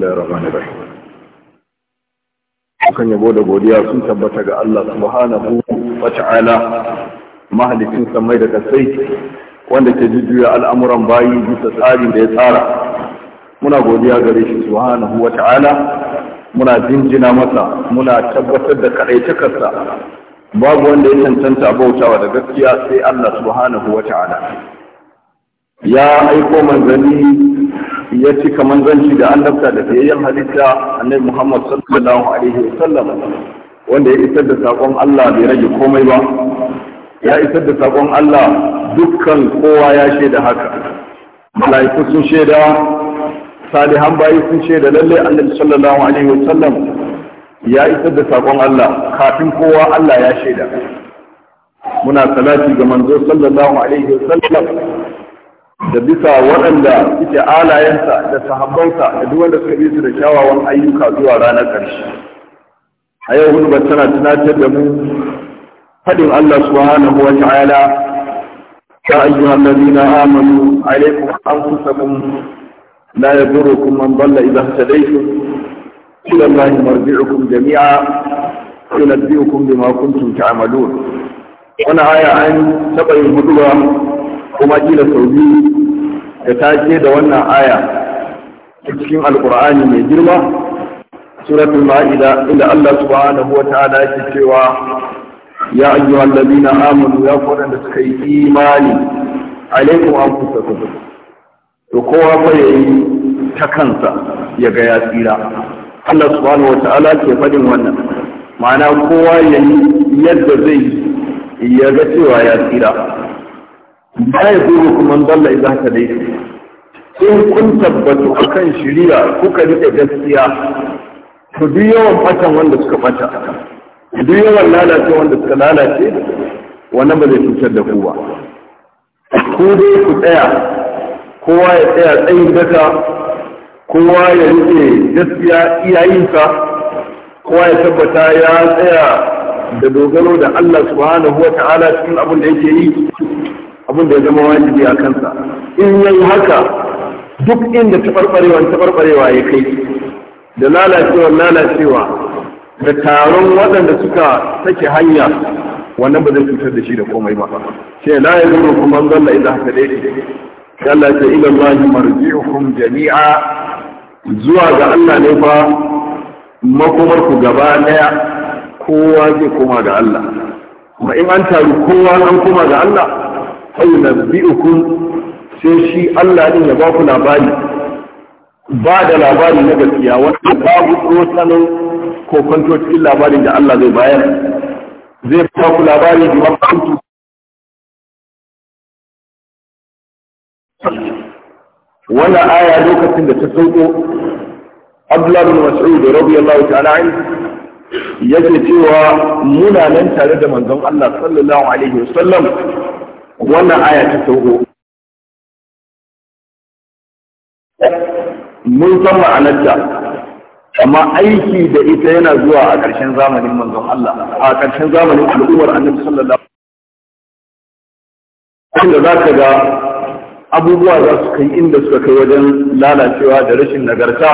bismillahir rahmanir rahim yabo da godiya sun tabbata ga Allah subhanahu wa ta'ala mahalicin samai da kasai wanda ke jujjuya al'amuran bayi bisa tsarin da ya tsara muna godiya gare shi subhanahu wa ta'ala muna jinjina masa muna tabbatar da kadaitakarsa babu wanda ya cancanta bautawa da gaskiya sai Allah subhanahu wa ta'ala ya aiko manzanni ya ci kaman zanci da an annabta da tsayayyen halitta annabi Muhammad sallallahu alaihi wasallam wanda ya isar da saƙon Allah bai rage komai ba ya isar da saƙon Allah dukkan kowa ya shaida haka malaiku sun shaida salihan bayi sun shaida lalle annabi sallallahu alaihi wasallam ya isar da saƙon Allah kafin kowa Allah ya shaida muna salati ga manzo sallallahu alaihi wasallam da bisa waɗanda suke alayensa da sahabbansa da duk wanda suka su da kyawawan ayyuka zuwa ranar ƙarshe a yau hudu tana tunatar da mu faɗin Allah subhanahu wa ta'ala ya ayyuha allazina amanu alaykum anfusakum la yadurukum man dalla idha ihtadaytum ila allahi marji'ukum jami'a yunabbi'ukum bima kuntum ta'malun wannan aya an taɓa yin hudu kuma kila sau biyu da take da wannan aya cikin alkur'ani mai girma suratul ma'ida inda Allah subhanahu wa ta'ala yake cewa ya ayyuhal ladina amanu ya da suka yi imani alaikum anfusakum to kowa fa yayi ta kansa ya ga ya tsira Allah subhanahu wa ta'ala ke fadin wannan ma'ana kowa yayi yadda zai ya ga cewa ya tsira la yadurukum man dalla daidai hadaytum in kun tabbatu akan shari'a kuka rike gaskiya to duk yawan fatan wanda suka fata duk yawan lalace wanda suka lalace wannan ba zai cutar da kowa ko dai ku tsaya kowa ya tsaya tsayin daka kowa ya rike gaskiya iyayensa kowa ya tabbata ya tsaya da dogaro da Allah subhanahu wa ta'ala cikin abin da yake yi abin da ya zama wajibi a kansa in yayi haka duk inda taɓarɓarewa taɓarɓarewa ya kai da lalacewa lalacewa da taron waɗanda suka sake hanya wannan ba zai cutar da shi da komai ba ce la ya zuru kuma zalla idan haka dai Allah ce ila Allah marji'ukum jami'a zuwa ga Allah ne fa makomar ku gaba ɗaya, kowa zai koma ga Allah Ba in an taru kowa an koma ga Allah sai na sai shi Allah din ya ba ku labari ba da labari na gaskiya wanda babu tsotsanin ko kwanto cikin labarin da Allah zai bayar zai ba ku labari da mafantu wannan aya lokacin da ta sauko Abdullah bin Mas'ud radiyallahu ta'ala anhu yake cewa muna nan tare da manzon Allah sallallahu alaihi wasallam wannan aya ta sauko mun san ma'anarta amma aiki da ita yana zuwa a ƙarshen zamanin manzon Allah a ƙarshen zamanin al'ummar annabi sallallahu alaihi wasallam da zaka ga abubuwa za su kai inda suka kai wajen lalacewa da rashin nagarta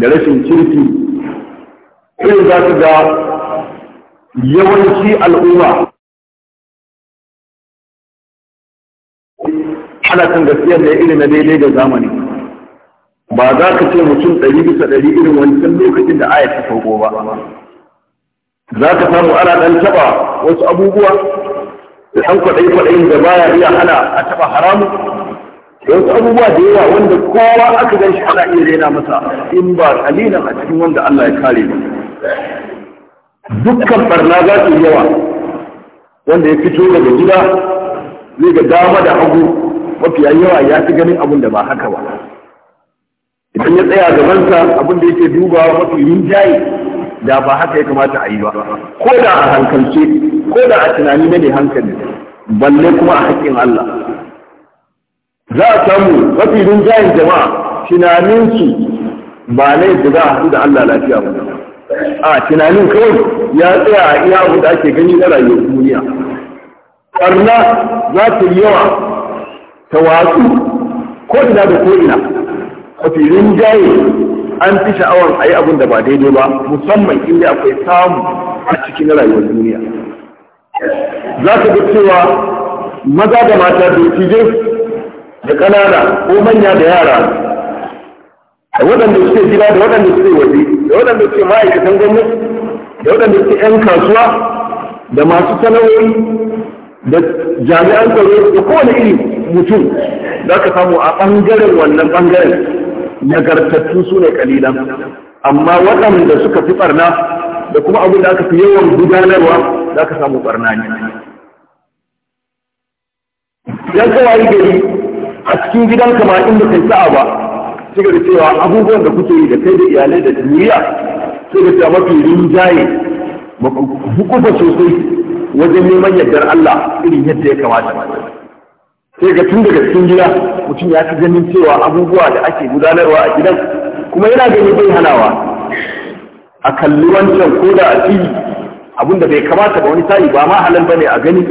da rashin kirki irin za ka ga yawanci al'umma ana kan gaskiya da irin na daidai da zamani ba za ka ce mutum ɗari bisa ɗari irin wancan lokacin da aya ta sauko ba za ka samu ana ɗan taɓa wasu abubuwa da ɗan kwaɗai-kwaɗayin da baya iya hana a taɓa haramu wasu abubuwa da yawa wanda kowa aka gan shi ana iya rena masa in ba kalilan a cikin wanda Allah ya kare ba dukkan barna za su yawa wanda ya fito daga gida zai ga dama da hagu mafi yawa ya fi ganin abin da ba haka ba idan ya tsaya gabansa abin da yake dubawa mafi rinjaye da ba haka ya kamata a yi ba ko da a hankalce ko da a tunani na ne hankali balle kuma a haƙƙin Allah za a samu mafi rinjayen jama'a tunaninsu ba na da za a haɗu da Allah lafiya ba a tunanin kawai ya tsaya a iya abu da ake gani na rayuwar duniya ƙarna za ta yi yawa ta watsu ko ina da ko ina a filin jaye an fi sha'awar a yi abin da ba daidai ba musamman inda akwai samu a cikin rayuwar duniya za ka ga cewa maza da mata dattijai da ƙanana ko manya da yara da waɗanda suke gida da waɗanda suke waje da waɗanda suke ma'aikatan gwamnati da waɗanda suke 'yan kasuwa da masu sana'o'i da jami'an tsaro da kowane iri mutum za ka samu a ɓangaren wannan ɓangaren nagartattu su ne kalilan amma waɗanda suka fi ɓarna da kuma abin da aka fi yawan gudanarwa za ka samu ɓarna ne yan kawai gari a cikin gidan kama inda kai sa'a ba sai da cewa abubuwan da kuke yi da kai da iyalai da duniya sai da cewa mafi rinjaye ba ku sosai wajen neman yardar Allah irin yadda ya kamata sai ga tun daga cikin gida mutum ya fi ganin cewa abubuwa da ake gudanarwa a gidan kuma yana gani bai hanawa a kalli wancan ko da a fili abin da bai kamata ba wani sa'i ba ma halal bane a gani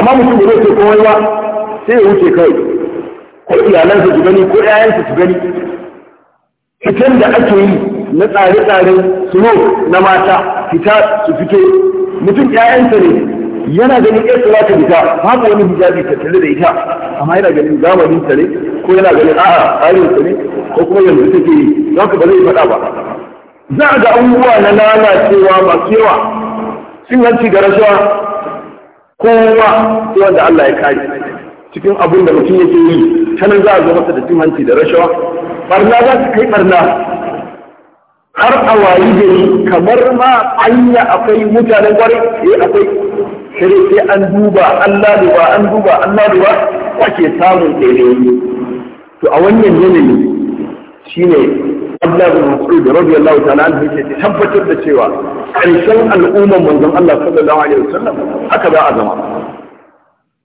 amma mutum da zai ce komai ba sai ya wuce kai ko iyalansa su gani ko ƴaƴansa su gani fitan da ake yi na tsare-tsaren su na mata fita su fito mutum ya'yansa ne yana ganin iya za ta fita haka wani hijabi ta tare da ita amma yana ganin zamanin ta ne ko yana ganin a'a ayin ta ne ko kuma yanzu take yi Za ka ba zai faɗa ba za a ga abubuwa na lalacewa masu yawa cin hanci da rashawa kowa ko wanda Allah ya kare cikin abin da mutum yake yi ta nan za a zo masa da cin hanci da rashawa barna za su kai barna har a wayi ni kamar ma anya akwai mutanen gwari eh akwai sai sai an duba Allah duba an duba Allah duba wace samun daidai to a wannan yanayi shine Allah bin Mas'ud radiyallahu ta'ala anhu yake tabbatar da cewa ƙarshen al'ummar manzon Allah sallallahu alaihi wasallam haka za a zama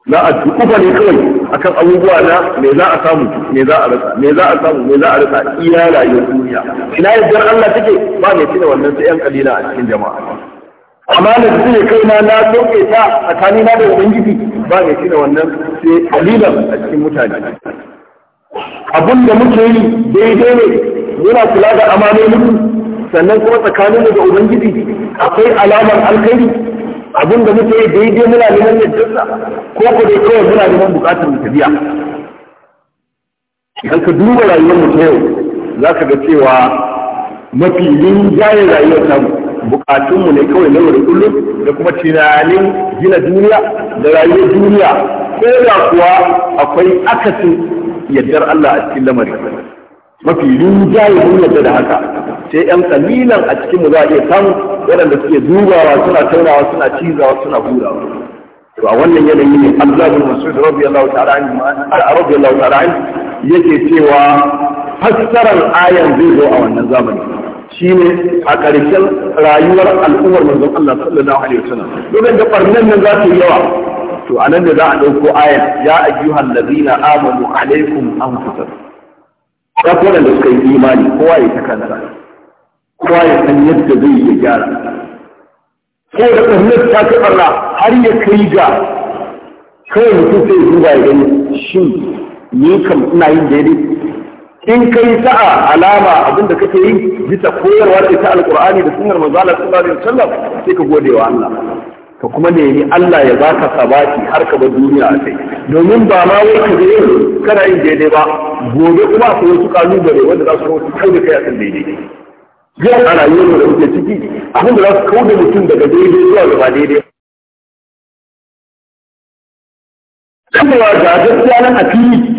za a tukufa ne kawai akan abubuwa na me za a samu me za a rasa me za a samu me za a rasa iya rayuwar duniya ina yadda Allah take ba ne tuna wannan sai yan kalila a cikin jama'a amma da su ne kai na na sauke ta tsakani na da ubangiji ba ne tuna wannan sai kalilan a cikin mutane abin da muke yi daidai ne muna kula da mutum, sannan kuma tsakanin da ubangiji akwai alamar alkhairi abin da muke yi daidai muna neman yaddarsa ko ku dai kawai muna neman bukatar mu tafiya idan ka duba rayuwar mu yau za ka ga cewa mafi rinjayen rayuwar ta bukatun mu ne kawai na yau kullum da kuma tunanin gina duniya da rayuwar duniya ko da kuwa akwai akasin yaddar Allah a cikin lamarin mafi rinjayen mun yadda da haka sai yan kalilan a cikin mu za a iya samu waɗanda suke dubawa suna taurawa suna cizawa suna hurawa to a wannan yanayi ne Abdullahi bin Mas'ud radiyallahu ta'ala anhu radiyallahu ta'ala anhu yake cewa fassarar ayan zai zo a wannan zamani shine a ƙarshen rayuwar al'ummar manzon Allah sallallahu alaihi wasallam domin da farnan nan za su yi yawa to a nan ne za a ɗauko ayan ya ayyuhal ladina amanu alaikum anfusakum ya kowa da suka yi imani kowa ya ta kansa kowa ya san yadda zai iya gyara ko da ƙarnar ta ci ɓarna har ya kai ga kawai mutum sai duba ya gani shin ni kam ina yin daidai in kai sa'a alama abinda kake yi bisa koyarwa ce ta alƙur'ani da sunnar manzo Allah sallallahu alaihi wasallam sai ka gode wa Allah ka kuma nemi Allah ya baka sabati har ka ba duniya a kai domin ba ma wai ka je kana yin daidai ba gobe kuma akwai wasu kalubale wanda za su kawo kai da kai a kan daidai yau a rayuwar da muke ciki abin da za su kauda mutum daga daidai zuwa gaba daidai cewa ga gaskiya nan a fili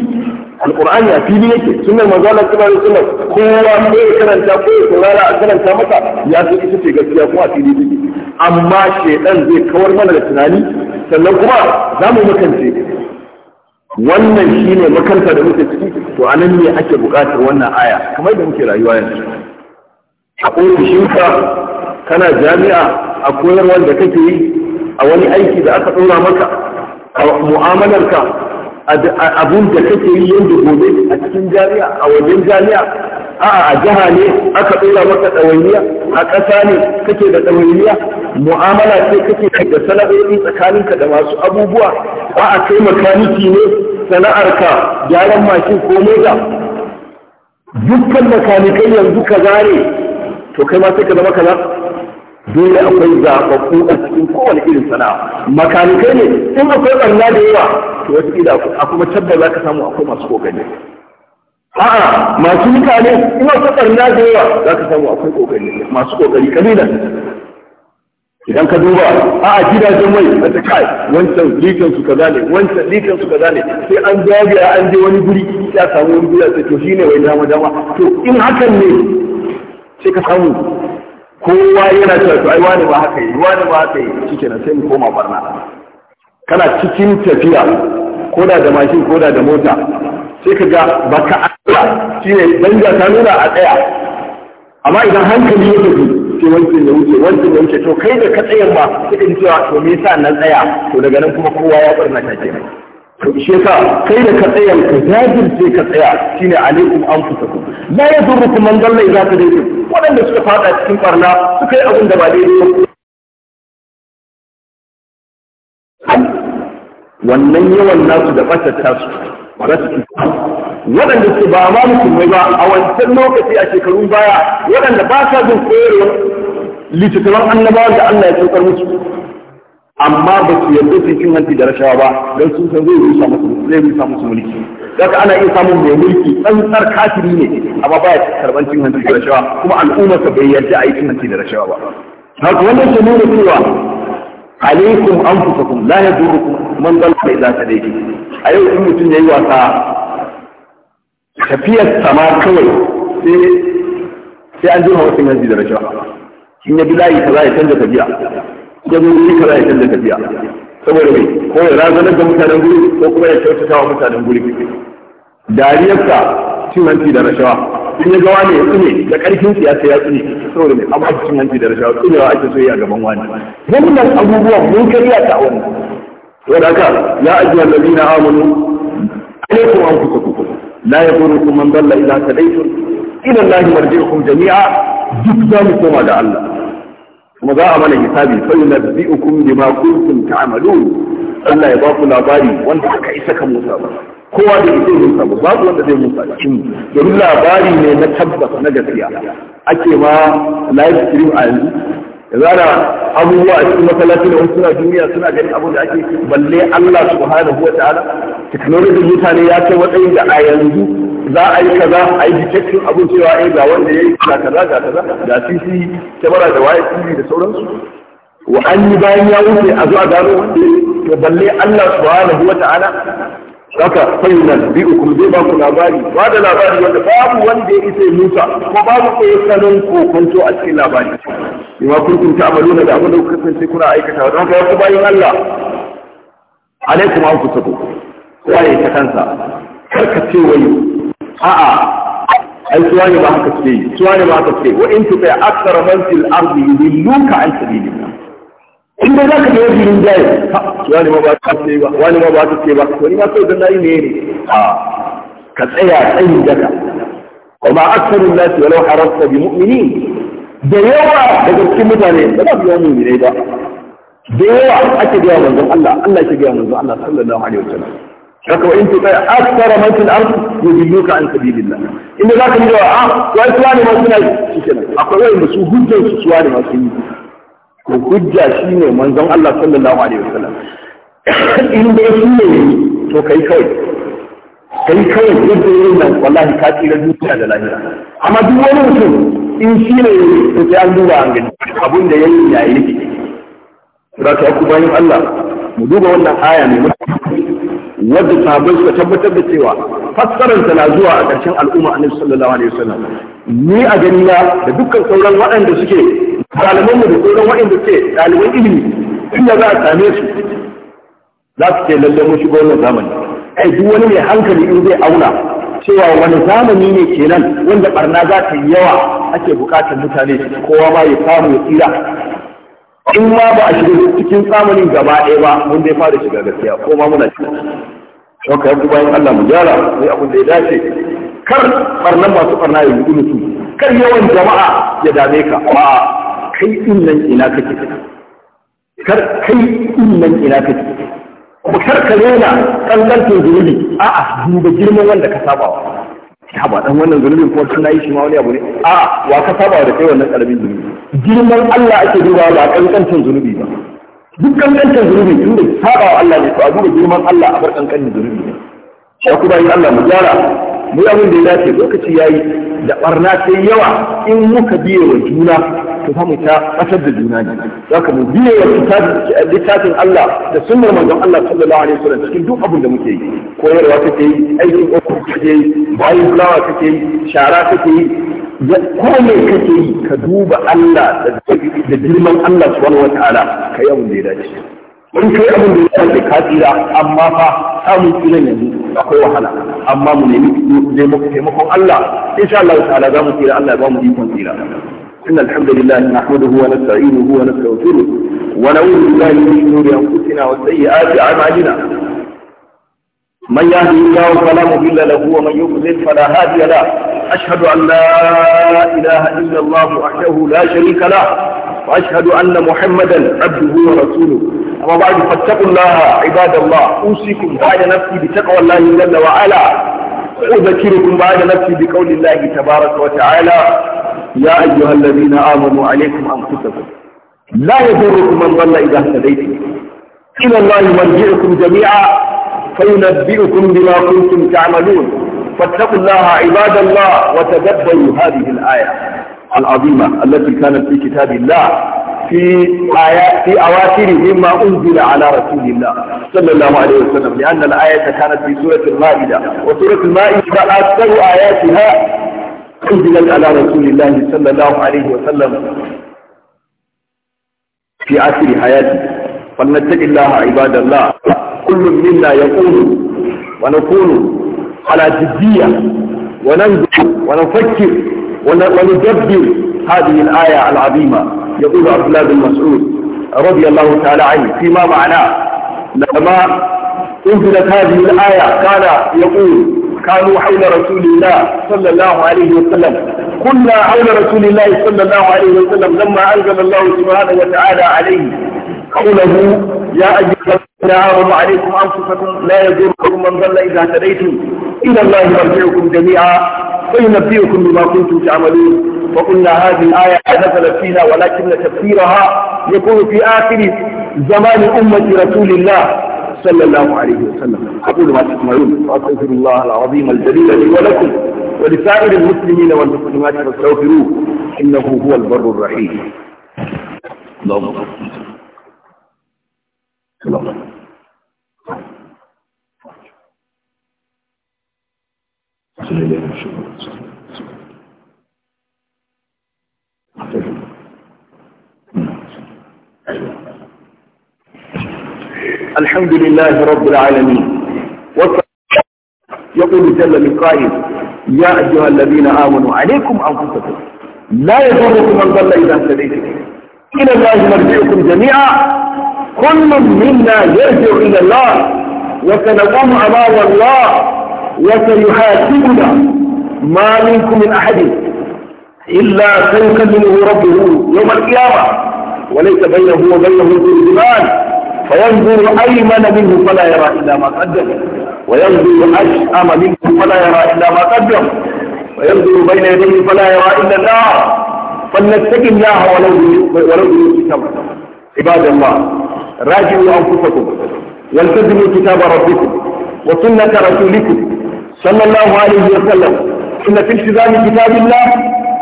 Alƙur'ani a fili yake sunan manzo Allah sallallahu kowa ko ya karanta ko ya saurara a karanta masa ya fi ita ce gaskiya kowa a fili take amma shaidan zai kawar mana da tunani sannan kuma za mu makance wannan shine makanta da muke ciki to anan ne ake buƙatar wannan aya kamar da muke rayuwa yanzu a ofishinka kana jami'a a koyarwa da kake yi a wani aiki da aka ɗora maka a mu'amalarka abun da kake yi yadda gobe a cikin jami'a a wajen jami'a a'a a jiha ne aka ɗora maka ɗawainiya a ƙasa ne kake da ɗawainiya mu'amala ce kake da sana'o'i tsakaninka da masu abubuwa a kai makaniki ne sana'arka gyaran mashin ko mota dukkan makanikai yanzu ka zare to kai ma sai ka zama kaza dole akwai zaɓaɓɓu a cikin kowane irin sana'a makanikai ne in akwai ɓarna da yawa to wasu ƙila a kuma tabba za ka samu akwai masu ƙoƙari a'a masu mutane in akwai ɓarna da yawa za ka samu akwai ƙoƙari masu ƙoƙari ƙalilan idan ka duba a a gidajen mai a ta kai wancan likan su kaza ne wancan likan su kaza ne sai an zagaya an je wani guri ya samu wani guri sai to shine wai dama dama to in hakan ne sai ka samu kowa yana cewa to ai wani ba haka yi wani ba haka yi shikenan sai mu koma barna kana cikin tafiya koda da mashin koda da mota sai ka ga baka Allah shi ne danja ta nuna a tsaya amma idan hankali ya tafi sai wancan ya wuce wancan ya wuce to kai da ka tsayan ba sai ka ji cewa to me yasa nan tsaya to daga nan kuma kowa ya barna ta kenan to shi yasa kai da ka tsaya ka jajirce ka tsaya shine alaikum anfusakum la yadurukum man dalla idza tadaytum waɗanda suka fada cikin ɓarna, suka yi abin da ba daidai wannan yawan nasu da ɓasar tasu, ba su waɗanda su ba ma musulmai ba a wancan lokaci a shekarun baya waɗanda ba sa jin koyarwar littattafan annabawa da Allah ya saukar musu amma ba su yarda su cin hanci da rashawa ba don sun san zai rusa musu zai rusa musu mulki daga ana iya samun mai mulki tsantsar kafiri ne amma ba ya karban cin hanci da rashawa kuma al'ummar ka bai yarda a yi cin hanci da rashawa ba haka wannan shi nuna cewa alaikum anfusakum la yadurukum man dalla idza tadayki a yau in mutum yayi wasa tafiyar sama kawai sai sai an jima wasu yanzu da rashawa in ya bi layi ta za ya canza tafiya ya zo guri kaza ya canza tafiya saboda mai ko ya razanar da mutanen guri ko kuma ya kyautata wa mutanen guri dariyarsa cin hanci da rashawa in ya ga wani ya tsine da karfin siyasa ya tsine saboda mai amma cin hanci da rashawa tsinewa ake so yi a gaban wani wannan abubuwan mun karya ta wani saboda haka ya ajiye allazina amanu alaikum anfusakum la yadurukum man dalla idza tadaytum ila allahi marji'ukum jami'a duk za mu koma da Allah kuma za a mana hisabi fa yunabbi'ukum bima kuntum ta'malun Allah ya ba ku labari wanda aka isa kan Musa ba kowa da yake Musa ba babu wanda zai Musa cikin domin labari ne na tabbas na gaskiya ake ma live stream a yanzu yanzu abubuwa a cikin masallaci da wasu suna duniya suna ganin abin da ake balle Allah subhanahu wa ta'ala technology mutane ya kai matsayin da a yanzu za a yi kaza a yi detection abin cewa eh ga wanda ya yi ga kaza ga kaza ga CC kamera da waya TV da sauransu wa an yi bayan ya wuce a zuwa gano wanda to balle Allah subhanahu wa ta'ala haka bi bi'ukum zai ba ku labari ba da labari wanda babu wanda ya isa Musa kuma babu ko sanin kokonto a cikin labari kun bima ta amalu da abin da kuka kasance kuna aikata don ka ya ku bayin Allah alaikum ku kowa ya ta kansa kar ka ce wai a'a ai suwa ne ba haka ce suwa ne ba haka ce wa in ta aksara man fil ardi yudilluka an sabilillah in dai zaka da yaji in jaye wani ma ba ta ce ba wani ma ba ta ce ba wani ma sai dan nayi ne a ka tsaya tsayin daka kuma aksarun nasi walau harasta bi mu'minin da yawa daga cikin mutane ba za su yi mu'minai ba da yawa ake gaya manzon Allah Allah ke gaya manzon Allah sallallahu alaihi wasallam haka wa in tu ta akthara man fil ard yudilluka an sabilillah inda zaka yi wa a wai suwane ma suna shi kenan akwai wai musu hujjar su suwane ma sun yi to hujja ne manzon Allah sallallahu alaihi wasallam in dai shi ne to kai kai kai kai yadda yin nan wallahi ka tsira zuciya da lahira amma duk wani mutum in shi ne to sai an duba an gani abin da yayi yayi ne da ta ku bayan Allah mu duba wannan aya ne wadda sahabbai suka tabbatar da cewa fassarar na zuwa a ƙarshen al'umma annabi sallallahu alaihi wasallam ni a gani na da dukkan sauran waɗanda suke ɗalibanmu da sauran waɗanda suke ɗaliban ilimi inda za a same su za su ce lallai mun shiga wannan zamani ai duk wani mai hankali in zai auna cewa wani zamani ne kenan wanda barna za ta yi yawa ake buƙatar mutane kowa ma ya samu ya tsira in ma ba a shiga cikin tsamanin gaba ɗaya ba mun dai fara shiga gaskiya ko ma muna shiga. don ka yanku bayan Allah mu gyara sai abin da ya dace kar barnan masu barna ya yi mutu kar yawan jama'a ya dame ka a kai din nan ina kake kar kai din nan ina kake kuma kar ka rena kankantin zunubi a'a duba girman wanda ka saba ya ba dan wannan zunubin ko sun yi shi ma wani abu ne a'a wa ka saba da kai wannan karamin zunubi girman Allah ake duba ba kankantin zunubi ba duk kankancin zunubi tun da saba wa Allah ne to a duba girman Allah a bar kankanin zunubi ne ya kuma yi Allah mu gyara mu yi abin da ya dace lokaci yayi da barna sai yawa in muka biye wa juna to fa mu ta batar da juna ne ka mu biye wa littafin Allah da sunnar manzon Allah sallallahu alaihi wasallam cikin duk abin da muke yi koyarwa take yi aikin ofis take yi bayan fulawa take yi shara kake yi kome kake yi ka duba Allah da girman Allah subhanahu wata'ala ka yi abin da ya dace in kai abin da ya dace ka tsira amma fa samun tsiran yanzu akwai wahala amma mu nemi taimakon Allah insha Allah ta'ala za mu tsira Allah ya ba mu ikon tsira إن الحمد لله نحمده ونستعينه ونستغفره ونعوذ بالله من شرور أنفسنا وسيئات أعمالنا من يهدي الله فلا مضل له ومن يضلل فلا هادي له أشهد أن لا إله إلا الله وحده لا شريك له وأشهد أن محمدا عبده ورسوله أما بعد فاتقوا الله عباد الله أوصيكم بعد نفسي بتقوى الله جل وعلا وأذكركم بعد نفسي بقول الله تبارك وتعالى يا أيها الذين آمنوا عليكم أنفسكم لا يضركم من ضل إذا اهتديتم إلى الله مرجعكم جميعا فينبئكم بما كنتم تعملون فاتقوا الله عباد الله وتدبروا هذه الآية العظيمة التي كانت في كتاب الله في آيات في أواخر مما أنزل على رسول الله صلى الله عليه وسلم لأن الآية كانت في سورة المائدة وسورة المائدة أكثر آياتها أنزلت على رسول الله صلى الله عليه وسلم في آخر حياته فلنتق الله عباد الله كل منا يقول ونكون على جدية وننظر ونفكر وندبر هذه الآية العظيمة يقول عبد الله بن مسعود رضي الله تعالى عنه فيما معناه لما انزلت هذه الآية كان يقول كانوا حول رسول الله صلى الله عليه وسلم كنا حول رسول الله صلى الله عليه وسلم لما أنزل الله سبحانه وتعالى عليه قوله يا أيها الذين آمنوا عليكم أنفسكم لا يضركم من ضل إذا اهتديتم إلى الله مرجعكم جميعا فينبئكم بما كنتم تعملون وقلنا هذه الآية نزلت فينا ولكن تفسيرها يكون في آخر زمان أمة رسول الله صلى الله عليه وسلم أقول ما تسمعون وأستغفر الله العظيم الجليل لي ولكم ولسائر المسلمين والمسلمات فاستغفروه إنه هو البر الرحيم اللهم الحمد لله رب العالمين يقول جل من قائل يا أيها الذين آمنوا عليكم أنفسكم لا يضركم من ضل إذا اهتديتم إلى الله مرجعكم جميعا كل منا يرجع إلى الله وسنقوم أمام الله وسيحاسبنا ما منكم من أحد إلا سيكلمه ربه يوم القيامة وليس بينه وبينه ترجمان فينظر أيمن منه فلا يرى إلا ما قدم وينظر أشأم منه فلا يرى إلا ما قدم وينظر بين يديه فلا يرى إلا النار فلنتق الله ولو ولو عباد الله راجعوا أنفسكم والتزموا كتاب ربكم وسنة رسولكم صلى الله عليه وسلم إن في التزام كتاب الله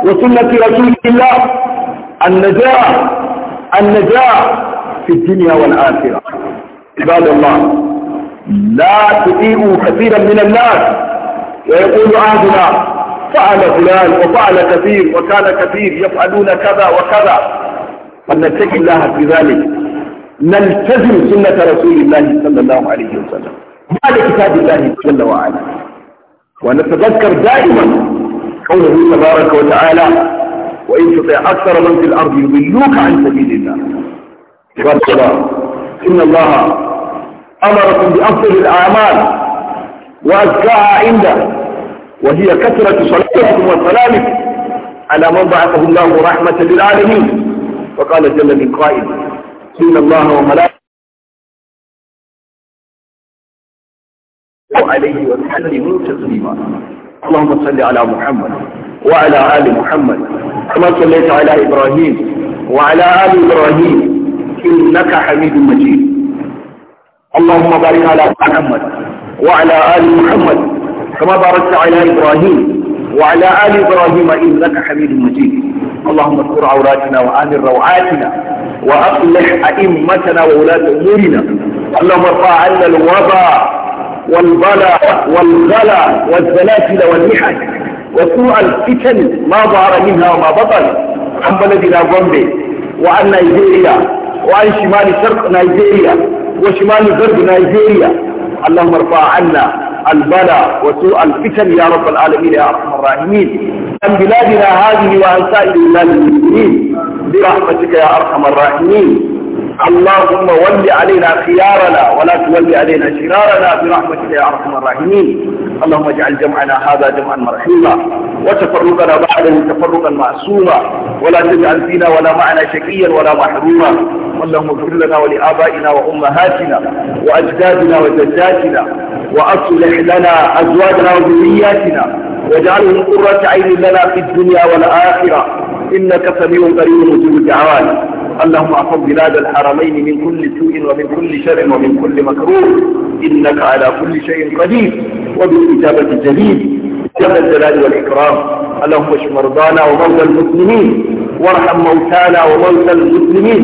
وسنة رسول الله النجاة النجاة في الدنيا والآخرة عباد الله لا تطيعوا كثيرا من الناس ويقول عهدنا فعل فلان وفعل كثير وكان كثير يفعلون كذا وكذا فلنتقي الله في ذلك نلتزم سنة رسول الله صلى الله عليه وسلم بعد كتاب الله جل وعلا ونتذكر دائما قوله تبارك وتعالى وإن تطع أكثر من في الأرض يضلوك عن سبيل الله عباد الله إن الله أمركم بأفضل الأعمال وأزكاها عنده وهي كثرة صلاتكم وسلامكم على من بعثه الله رحمة للعالمين فقال جل من قائل إن الله وملائكته عليه وسلم تسليما اللهم صل على محمد وعلى آل محمد كما صليت على إبراهيم وعلى آل إبراهيم إنك حميد مجيد اللهم بارك على محمد وعلى آل محمد كما باركت على إبراهيم وعلى آل إبراهيم إنك حميد مجيد اللهم استر عوراتنا وآمن روعاتنا وأصلح أئمتنا وولاة أمورنا اللهم ارفع عنا الوضع والبلاء والغلا والزلازل والمحن وسوء الفتن ما ظهر منها وما بطن عن بلدنا بومبي وعن نيجيريا وعن شمال شرق نيجيريا وشمال غرب نيجيريا اللهم ارفع عنا البلاء وسوء الفتن يا رب العالمين يا ارحم الراحمين عن بلادنا هذه وعن سائر بلاد المسلمين برحمتك يا أرحم الراحمين اللهم ول علينا خيارنا ولا تول علينا شرارنا برحمتك يا ارحم الراحمين اللهم اجعل جمعنا هذا جمعا مرحوما وتفرقنا بعده تفرقا معصوما ولا تجعل فينا ولا معنا شقيا ولا محروما اللهم اغفر لنا ولابائنا وامهاتنا واجدادنا وجداتنا واصلح لنا ازواجنا وذرياتنا واجعله قرة عين لنا في الدنيا والآخرة إنك سميع قريب مجيب الدعوات اللهم احفظ بلاد الحرمين من كل سوء ومن كل شر ومن كل مكروه إنك على كل شيء قدير وبالإجابة يا ذا الجلال والإكرام اللهم اشف مرضانا ومرضى المسلمين وارحم موتانا وموتى المسلمين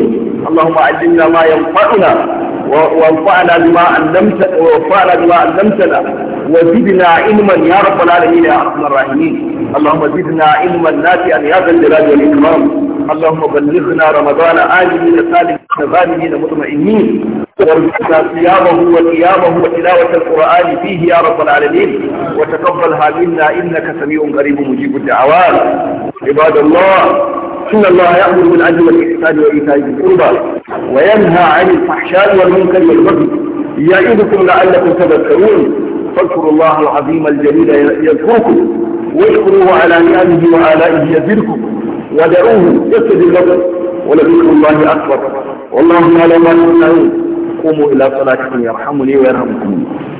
اللهم علمنا ما ينفعنا وانفعنا بما علمتنا وانفعنا بما علمتنا وزدنا علما يا رب العالمين يا ارحم الراحمين اللهم زدنا علما نافعا يا ذا الجلال والاكرام اللهم بلغنا رمضان عاجلين سالمين غانمين مطمئنين وارزقنا صيامه وقيامه وتلاوة القرآن فيه يا رب العالمين وتقبلها منا إنك سميع قريب مجيب الدعوات عباد الله إن الله يأمر بالعدل والإحسان وإيتاء ذي القربى وينهى عن الفحشاء والمنكر والبغي يعظكم لعلكم تذكرون فاذكروا الله العظيم الجليل يذكركم واشكروه على نعمه وآلائه يزدكم ودعوه يستجب لكم ولذكر الله أكبر والله ما ما تصنعون قوموا إلى صلاتكم يرحمني ويرحمكم